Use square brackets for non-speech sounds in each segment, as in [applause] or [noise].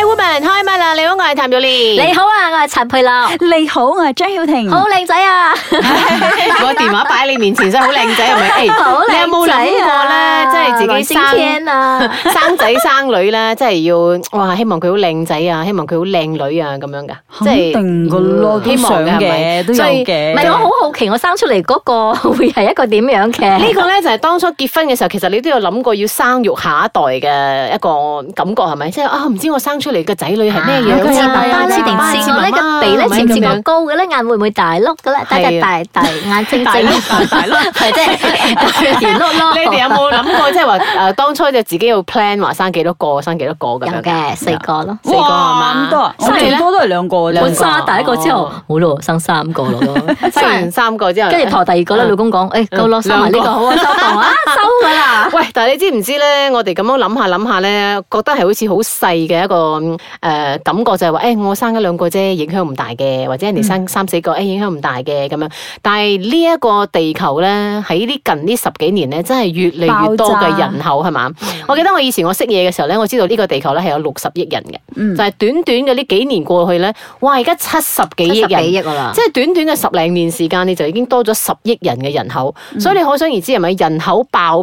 Hi, woman, hi, man 啊！你好，我係譚玉蓮。你好啊，我係陳佩樂。你好，我係張曉婷。好靚仔啊！我電話擺喺你面前，真係好靚仔，係咪？你好靚仔啊！你有冇諗過咧？即係自己生啊，生仔生女咧，即係要哇！希望佢好靚仔啊，希望佢好靚女啊，咁樣噶？肯定噶咯，希望嘅，都有嘅。唔係，我好好奇，我生出嚟嗰個會係一個點樣嘅？呢個咧就係當初結婚嘅時候，其實你都有諗過要生育下一代嘅一個感覺，係咪？即係啊，唔知我生出。你個仔女係咩樣？尖尖咧，尖尖咧，個鼻咧，尖尖同高嘅咧，眼會唔會大碌嘅咧？大大大眼睛，正大碌，即係碌碌。你哋有冇諗過即係話誒？當初就自己要 plan 話生幾多個，生幾多個嘅？有嘅，四個咯。四個啊嘛，咁多啊，最多都係兩個，兩個。生第一個之後，好咯，生三個咯。生完三個之後，跟住台第二個咧，老公講：誒夠咯，生埋呢個，好啊，收檔喂，但係你知唔知咧？我哋咁樣諗下諗下咧，覺得係好似好細嘅一個誒、呃、感覺、就係，就係話誒，我生一兩個啫，影響唔大嘅；或者人哋生三四個，誒、哎，影響唔大嘅咁樣。但係呢一個地球咧，喺呢近呢十幾年咧，真係越嚟越多嘅人口係嘛炸？我記得我以前我識嘢嘅時候咧，我知道呢個地球咧係有六十億人嘅，嗯、就係短短嘅呢幾年過去咧，哇！而家七十幾億人，七十幾億啦，即係短短嘅十零年時間，你就已經多咗十億人嘅人口，嗯、所以你可想而知係咪人口爆？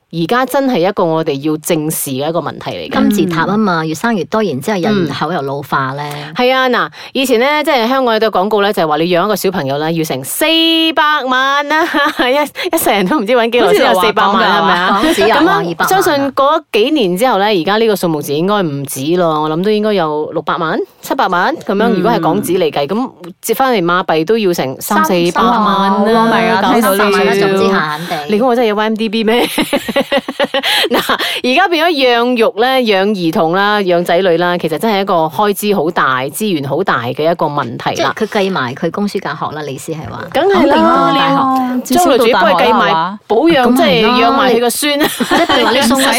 而家真係一個我哋要正視嘅一個問題嚟。金字塔啊嘛，越生越多，然之後人口又老化咧。係啊，嗱，以前咧即係香港有對廣告咧，就係話你養一個小朋友咧要成四百萬啦，一一成人都唔知搵幾耐先有四百萬係咪啊？咁相信過幾年之後咧，而家呢個數目字應該唔止咯。我諗都應該有六百萬、七百萬咁樣。如果係港紙嚟計，咁接翻嚟馬幣都要成三四百萬。Oh my god！三千萬，總之肯定。你估我真係有 M D B 咩？嗱，而家 [laughs] 變咗養育咧，養兒童啦，養仔女啦，其實真係一個開支好大，資源好大嘅一個問題啦。佢計埋佢供書教學啦，你意思係話。梗係啦，你將來都係計埋保養，即係養埋佢個孫。譬如話你送佢，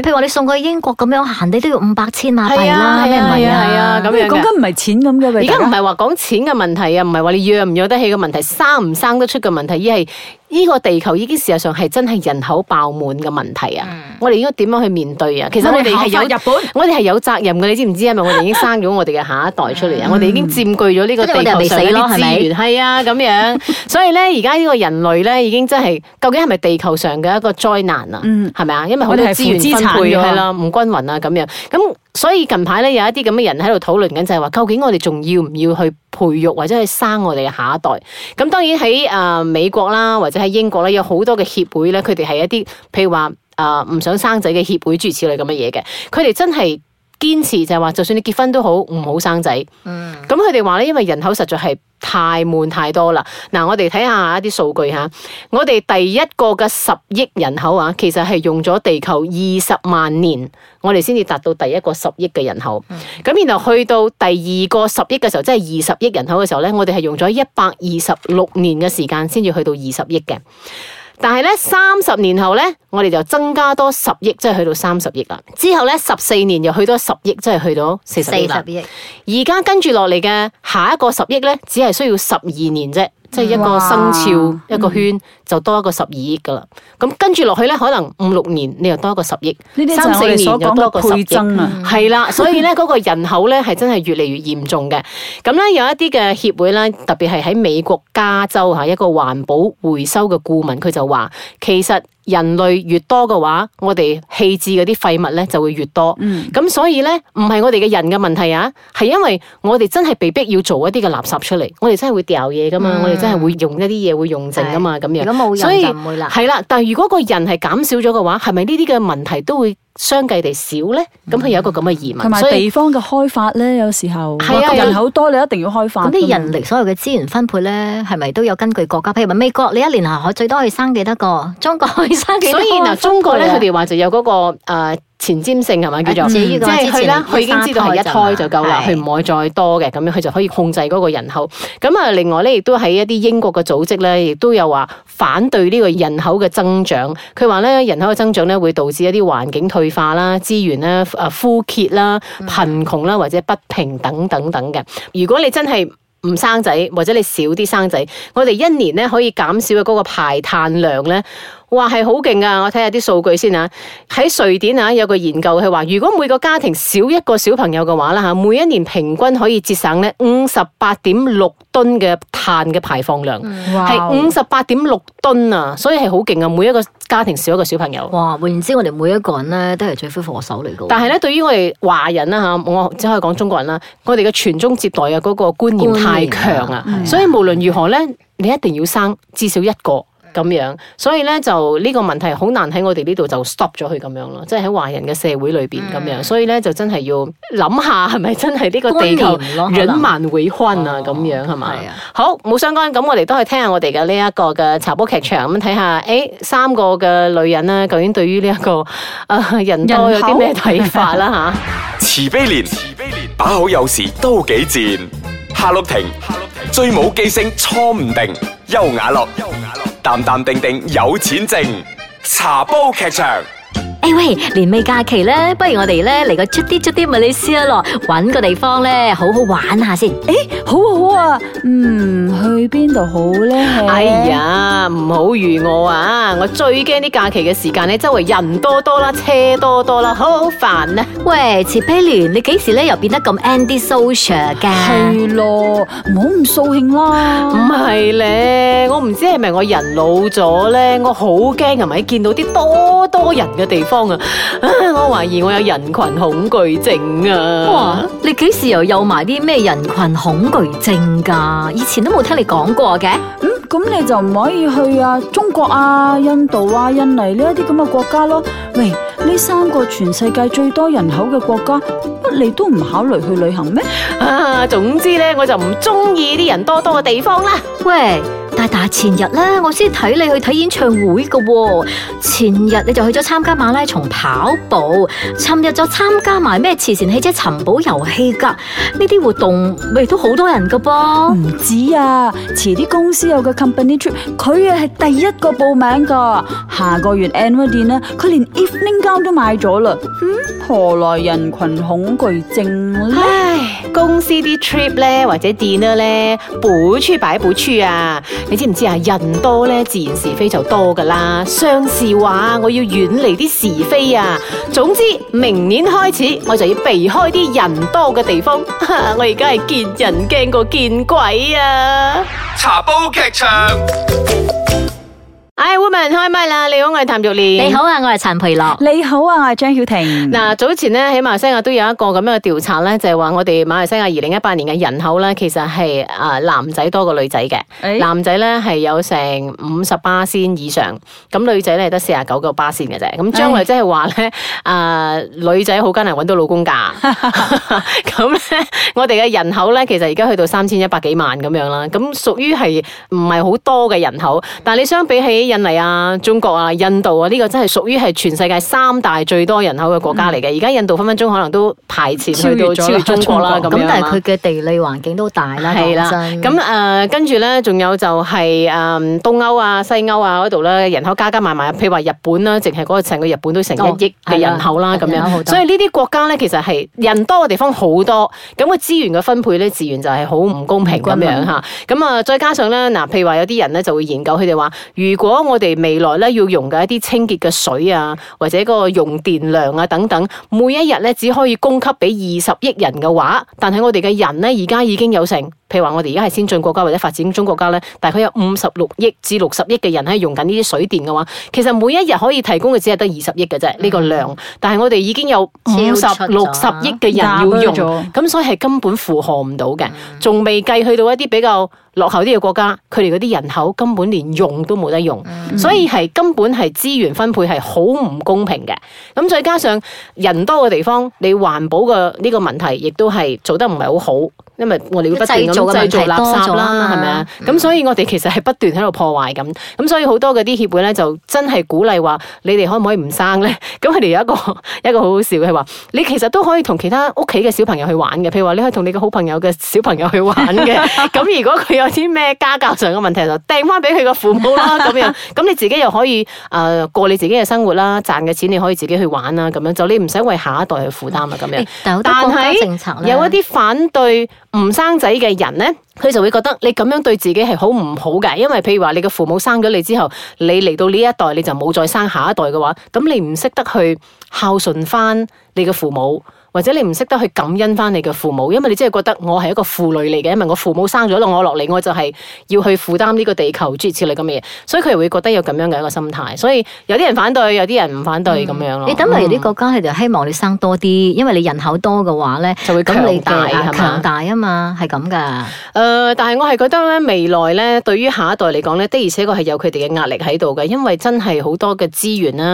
譬如話你送佢英國咁樣行，你都要五百千馬幣啦，咩唔係啊？而家唔係話講錢嘅問題啊，唔係話你養唔養得起嘅問題，生唔生得出嘅問題，而係。呢個地球已經事實上係真係人口爆滿嘅問題啊！我哋應該點樣去面對啊？其實我哋係有日本，我哋係有責任嘅，你知唔知？因為我哋已經生咗我哋嘅下一代出嚟啊！我哋已經佔據咗呢個地球上一啲資源，係啊咁樣。所以咧，而家呢個人類咧已經真係究竟係咪地球上嘅一個災難啊？係咪啊？因為好多資源分配係啦，唔均勻啊咁樣咁。所以近排咧有一啲咁嘅人喺度討論緊就係話，究竟我哋仲要唔要去培育或者去生我哋嘅下一代？咁當然喺誒、呃、美國啦，或者喺英國咧，有好多嘅協會咧，佢哋係一啲譬如話誒唔想生仔嘅協會諸如此類咁嘅嘢嘅，佢哋真係。堅持就係話，就算你結婚都好，唔好生仔。咁佢哋話咧，因為人口實在係太悶太多啦。嗱，我哋睇下一啲數據吓，我哋第一個嘅十億人口啊，其實係用咗地球二十萬年，我哋先至達到第一個十億嘅人口。咁、嗯、然後去到第二個十億嘅時候，即係二十億人口嘅時候咧，我哋係用咗一百二十六年嘅時間先至去到二十億嘅。但係咧，三十年後咧，我哋就增加多十億，即係去到三十億啦。之後咧，十四年又去多十億，即係去到四十億啦。而家億跟住落嚟嘅下一個十億咧，只係需要十二年啫。即係一個生肖哇一個圈、嗯、就多一個十二億噶啦，咁跟住落去咧，可能五六年你又多一個十億，三四年又多一個十億、倍增係啦、嗯，所以咧，嗰個人口咧係真係越嚟越嚴重嘅。咁咧 [laughs] 有一啲嘅協會咧，特別係喺美國加州嚇一個環保回收嘅顧問，佢就話其實。人類越多嘅話，我哋棄置嗰啲廢物咧就會越多。咁、嗯、所以咧，唔係我哋嘅人嘅問題啊，係因為我哋真係被逼要做一啲嘅垃圾出嚟，我哋真係會掉嘢噶嘛，嗯、我哋真係會用一啲嘢會用剩噶嘛，咁樣。如果冇人就唔會喇。所以係啦，但係如果個人係減少咗嘅話，係咪呢啲嘅問題都會？相繼地少咧，咁佢、嗯、有一個咁嘅疑問，同埋地方嘅開發咧，有時候係、啊、人口多，你一定要開發。咁啲人力所有嘅資源分配咧，係咪都有根據國家？譬如話美國，你一年啊，我最多可以生幾多個？中國可以生幾多個？所以嗱，中國咧，佢哋話就有嗰、那個、呃前瞻性係咪叫做、嗯、即係佢咧，佢已經知道係一胎就夠啦，佢唔可以再多嘅咁樣，佢就可以控制嗰個人口。咁啊，另外咧，亦都喺一啲英國嘅組織咧，亦都有話反對呢個人口嘅增長。佢話咧，人口嘅增長咧，會導致一啲環境退化啦、資源咧、啊枯竭啦、貧窮啦或者不平等等等嘅。嗯、如果你真係唔生仔，或者你少啲生仔，我哋一年咧可以減少嘅嗰個排碳量咧。話係好勁噶，我睇下啲數據先吓。喺瑞典啊，有個研究係話，如果每個家庭少一個小朋友嘅話啦吓，每一年平均可以節省咧五十八點六噸嘅碳嘅排放量，係五十八點六噸啊，所以係好勁啊！每一個家庭少一個小朋友，哇！換言之，我哋每一個人咧都係罪魁禍首嚟噶。但係咧，對於我哋華人啦、啊、吓，我只可以講中國人啦、啊，我哋嘅傳宗接代嘅嗰個觀念太強啊，所以無論如何咧，你一定要生至少一個。咁樣，所以咧就呢個問題好難喺我哋呢度就 stop 咗佢咁樣咯，即係喺華人嘅社會裏邊咁樣，嗯、所以咧就真係要諗下係咪真係呢個地球人滿為患啊咁樣係嘛？好，冇相干，咁我哋都去聽下我哋嘅呢一個嘅茶煲劇場咁睇下，誒、欸，三個嘅女人啦，究竟對於呢一個誒、呃、人多有啲咩睇法啦吓？人口 [laughs] 慈悲蓮，慈悲蓮，把口有時都幾賤；夏綠庭，夏綠庭，最冇記性錯唔定；優雅樂，優雅樂。淡淡定定有錢剩，茶煲劇場。哎、欸、喂，年尾假期咧，不如我哋咧嚟個出啲出啲物理師咯，搵個地方咧好好玩下先。誒、欸，好啊好啊，嗯，去邊度好咧？哎呀，唔好預我啊！我最驚啲假期嘅時間咧，周圍人多多啦，車多多啦，好好煩啊！喂，切碧蓮，你幾時咧又變得咁 anti-social 噶？係咯，唔好咁掃興啦。唔係咧。唔知係咪我人老咗咧？我好驚啊！係咪見到啲多多人嘅地方啊？ [laughs] 我懷疑我有人群恐懼症啊！哇！你幾時又有埋啲咩人群恐懼症噶？以前都冇聽你講過嘅。嗯，咁你就唔可以去啊，中國啊、印度啊、印尼呢一啲咁嘅國家咯。喂，呢三個全世界最多人口嘅國家，乜你都唔考慮去旅行咩？啊，總之咧，我就唔中意啲人多多嘅地方啦。喂，大前日咧，我先睇你去睇演唱會噶、哦。前日你就去咗參加馬拉松跑步，尋日就參加埋咩慈善汽車尋寶遊戲噶。呢啲活動咪都好多人噶噃、哦，唔止啊！遲啲公司有個 company trip，佢啊係第一個報名噶。下個月 end wedding 佢連 evening gown 都買咗啦。嗯，何來人群恐懼症咧？唉公司啲 trip 咧，或者 dinner 咧，本處擺本處啊！你知唔知啊？人多咧，自然是非就多噶啦。相似話，我要遠離啲是非啊！總之，明年開始我就要避開啲人多嘅地方。哈哈，我而家係見人驚過見鬼啊！茶煲劇場。哎，woman 開唛啦！Hi, 你好，我係譚玉蓮。你好啊，我係陳培樂。你好啊，我係張曉婷。嗱，早前咧，喺馬來西亞都有一個咁樣嘅調查咧，就係、是、話我哋馬來西亞二零一八年嘅人口咧，其實係誒男仔多過女仔嘅。男仔咧係有成五十八巴仙以上，咁女仔咧得四十九個巴仙嘅啫。咁將來即係話咧，誒唉、呃、女仔好艱難揾到老公噶。咁咧，我哋嘅人口咧，其實而家去到三千一百幾萬咁樣啦。咁屬於係唔係好多嘅人口，但係你相比起。印尼啊、中國啊、印度啊，呢、這個真係屬於係全世界三大最多人口嘅國家嚟嘅。而家、嗯、印度分分鐘可能都排前去到超越，超越，超越中國啦咁國樣但係佢嘅地理環境都大啦，係啦的。咁誒真，跟住咧，仲有就係、是、誒、嗯、東歐啊、西歐啊嗰度咧，人口加加埋埋，譬如話日本啦，淨係嗰個成個日本都成一億嘅人口啦咁樣。所以呢啲國家咧，其實係人多嘅地方好多，咁個資源嘅分配咧，資源就係好唔公平咁樣嚇。咁啊，再加上咧，嗱，譬如話有啲人咧就會研究，佢哋話如果當我哋未來要用嘅一啲清潔嘅水啊，或者個用電量啊等等，每一日呢只可以供給俾二十億人嘅話，但係我哋嘅人呢而家已經有成。譬如話，我哋而家係先進國家或者發展中國家咧，大概有五十六億至六十億嘅人喺用緊呢啲水電嘅話，其實每一日可以提供嘅只係得二十億嘅啫，呢、嗯、個量。但係我哋已經有五十六十億嘅人要用，咁、嗯、所以係根本負荷唔到嘅。仲未計去到一啲比較落後啲嘅國家，佢哋嗰啲人口根本連用都冇得用，嗯、所以係根本係資源分配係好唔公平嘅。咁再加上人多嘅地方，你環保嘅呢個問題亦都係做得唔係好好，因為我哋會不斷咁。就製造垃圾啦，係咪啊？咁、嗯、所以我哋其實係不斷喺度破壞咁，咁所以好多嗰啲協會咧就真係鼓勵話你哋可唔可以唔生咧？咁佢哋有一個一個好好笑，佢話你其實都可以同其他屋企嘅小朋友去玩嘅，譬如話你可以同你嘅好朋友嘅小朋友去玩嘅。咁 [laughs] 如果佢有啲咩家教上嘅問題，就掟翻俾佢嘅父母啦。咁 [laughs] 樣咁你自己又可以誒、呃、過你自己嘅生活啦，賺嘅錢你可以自己去玩啦，咁樣就你唔使為下一代去負擔啊。咁樣、欸、但係是有一啲反對唔生仔嘅人。咧，佢就會覺得你咁樣對自己係好唔好嘅，因為譬如話你嘅父母生咗你之後，你嚟到呢一代你就冇再生下一代嘅話，咁你唔識得去孝順翻你嘅父母。或者你唔識得去感恩翻你嘅父母，因為你只係覺得我係一個負累嚟嘅，因為我父母生咗我落嚟，我就係要去負擔呢個地球諸如此類咁嘅嘢，所以佢會覺得有咁樣嘅一個心態。所以有啲人反對，有啲人唔反對咁、嗯、樣咯。你等埋啲國家係就、嗯、希望你生多啲，因為你人口多嘅話咧就會強大，強大啊嘛，係咁噶。誒、呃，但係我係覺得咧，未來咧對於下一代嚟講咧，的而且確係有佢哋嘅壓力喺度嘅，因為真係好多嘅資源咧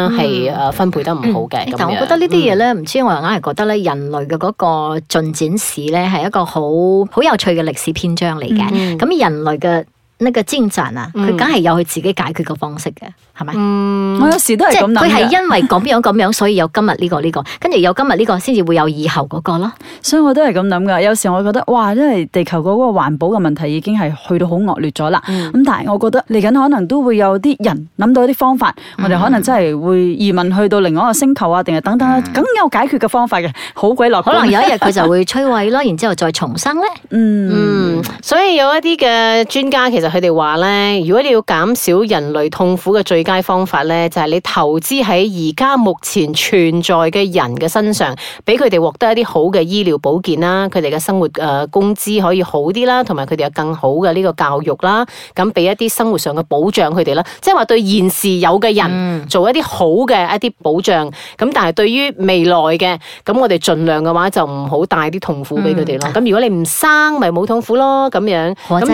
係分配得唔好嘅。嗯嗯、樣但我覺得呢啲嘢咧，唔、嗯、知我硬係覺得咧。人類嘅嗰個進展史呢，係一個好好有趣嘅歷史篇章嚟嘅。咁、mm hmm. 人類嘅呢個精神啊，佢梗係有佢自己解決嘅方式嘅。係咪？嗯、我有時都係咁諗，佢係因為咁樣咁樣，所以有今日呢個呢、呢個，跟住有今日呢個，先至會有以後嗰、嗰個咯。所以我都係咁諗噶。有時我覺得哇，因為地球嗰個環保嘅問題已經係去到好惡劣咗啦。咁、嗯、但係我覺得嚟緊可能都會有啲人諗到一啲方法，我哋可能真係會移民去到另外一個星球啊，定係等等，咁有解決嘅方法嘅。好、嗯、鬼樂觀，可能有一日佢就會摧毀咯， [laughs] 然之後再重生咧。嗯，嗯，所以有一啲嘅專家其實佢哋話咧，如果你要減少人類痛苦嘅最方法咧，就係、是、你投資喺而家目前存在嘅人嘅身上，俾佢哋獲得一啲好嘅醫療保健啦，佢哋嘅生活誒工資可以好啲啦，同埋佢哋有更好嘅呢個教育啦，咁俾一啲生活上嘅保障佢哋啦，即係話對現時有嘅人做一啲好嘅一啲保障，咁但係對於未來嘅咁我哋盡量嘅話就唔好帶啲痛苦俾佢哋咯。咁、嗯、如果你唔生咪冇痛苦咯，咁樣係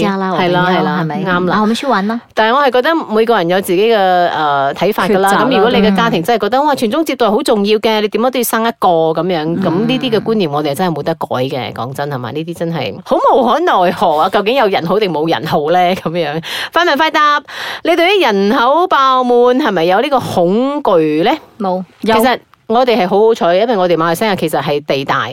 係係啦，啱啦。嗱，我哋去玩啦。但係我係覺得每個人有自。自己嘅誒睇法㗎啦，咁如果你嘅家庭真係覺得哇傳宗接代好重要嘅，你點樣都要生一個咁樣，咁呢啲嘅觀念我哋真係冇得改嘅，講真係嘛，呢啲真係好無可奈何啊！究竟有人好定冇人好咧？咁樣快問快答，你對於人口爆滿係咪有呢個恐懼咧？冇，其實我哋係好好彩，因為我哋馬來西亞其實係地大。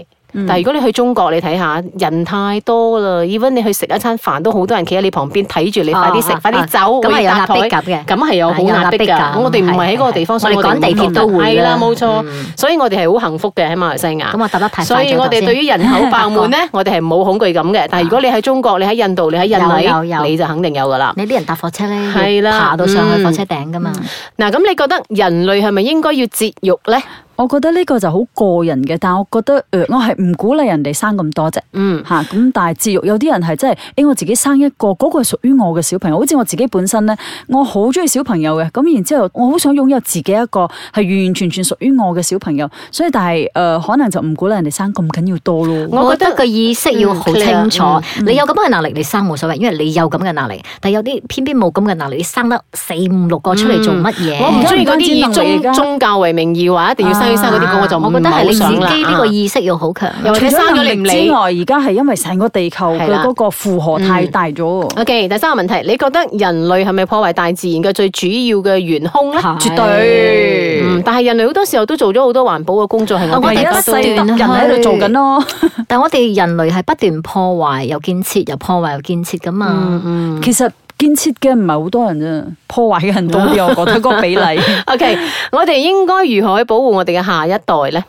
但係如果你去中國，你睇下人太多啦，even 你去食一餐飯都好多人企喺你旁邊睇住你，快啲食，快啲走，咁係有壓迫嘅，咁係有好壓迫噶。咁我哋唔係喺嗰個地方，所以我哋每都會係啦，冇錯。所以我哋係好幸福嘅喺馬來西亞。所以我哋對於人口爆滿咧，我哋係冇恐懼感嘅。但係如果你喺中國，你喺印度，你喺印尼，你就肯定有噶啦。你啲人搭火車咧，係啦，爬到上去火車頂噶嘛。嗱，咁你覺得人類係咪應該要節育咧？我覺得呢個就好個人嘅，但係我覺得，誒、呃，我係唔鼓勵人哋生咁多啫。嗯。吓、啊，咁但係節育有啲人係真係，誒、欸，我自己生一個，嗰、嗰個係屬於我嘅小朋友。好似我自己本身咧，我好中意小朋友嘅。咁然之後，我好想擁有自己一個係完完全全屬於我嘅小朋友。所以，但係誒，可能就唔鼓勵人哋生咁緊要多咯。我覺得個、嗯、意識要好清楚。嗯嗯、你有咁嘅能力，你生冇所謂，因為你有咁嘅能力。但係有啲偏偏冇咁嘅能力，你生得四五六個出嚟做乜嘢？嗯、我唔中意嗰啲以宗宗教為名義話一定要。啲、啊、我就唔想啦。我覺得係你自己呢個意識又好強，啊、除咗生咗你之外，而家係因為成個地球嘅嗰個負荷太大咗。嗯、OK，第三個問題，你覺得人類係咪破壞大自然嘅最主要嘅元兇咧？絕對。嗯、但係人類好多時候都做咗好多環保嘅工作，係咁不斷人喺度做緊咯。但係我哋人類係不斷破壞又建設，又破壞又建設噶嘛。嗯嗯、其實。建設嘅唔係好多人啊，破壞嘅人多啲，我覺得個比例。O K，我哋應該如何去保護我哋嘅下一代咧？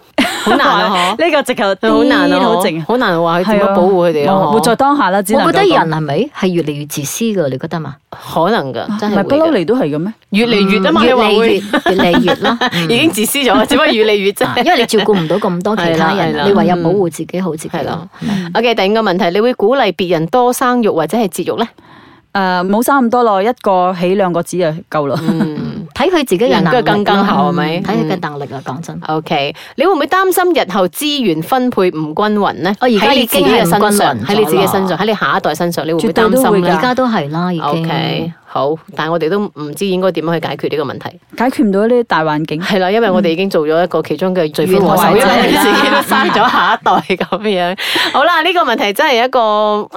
好難啊！呢個直頭好難好好難話去點樣保護佢哋啊！活在當下啦，我覺得人係咪係越嚟越自私噶？你覺得嘛？可能噶，真係不嬲嚟都係咁咩？越嚟越啊嘛，越嚟越嚟越啦，已經自私咗，只不過越嚟越真，因為你照顧唔到咁多其他人，你唯有保護自己好自己。係啦。O K，第二個問題，你會鼓勵別人多生育或者係節育咧？誒，冇、呃、差咁多咯，一個起兩個止就夠咯。睇佢、嗯、自己嘅能力更更好係咪？睇佢嘅能力啊，講真。O、okay. K，你會唔會擔心日後資源分配唔均匀咧？喺、哦、你自己嘅身上，喺你自己身上，喺你下一代身上，你會唔會擔心咧？絕對會，而家都係啦，已經。Okay. 好，但係我哋都唔知應該點樣去解決呢個問題，解決唔到呢啲大環境。係啦，因為我哋、嗯、已經做咗一個其中嘅最苦手，自己都生咗下一代咁樣。好啦，呢、呢個問題真係一個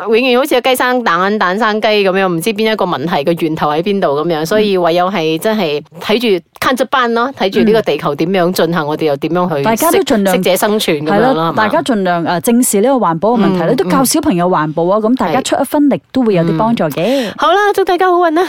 永遠好似雞生蛋、蛋生雞咁樣，唔知邊一個問題嘅源頭喺邊度咁樣，所以唯有係真係睇住 c o 班咯，睇住呢個地球點樣進行，我哋又點樣去大家都盡量適者生存咁樣，大家儘量誒正視呢個環保嘅問題，咧、嗯、都教小朋友環保啊，咁、嗯、大家出一分力都會有啲幫助嘅。好啦，祝大家好運啦！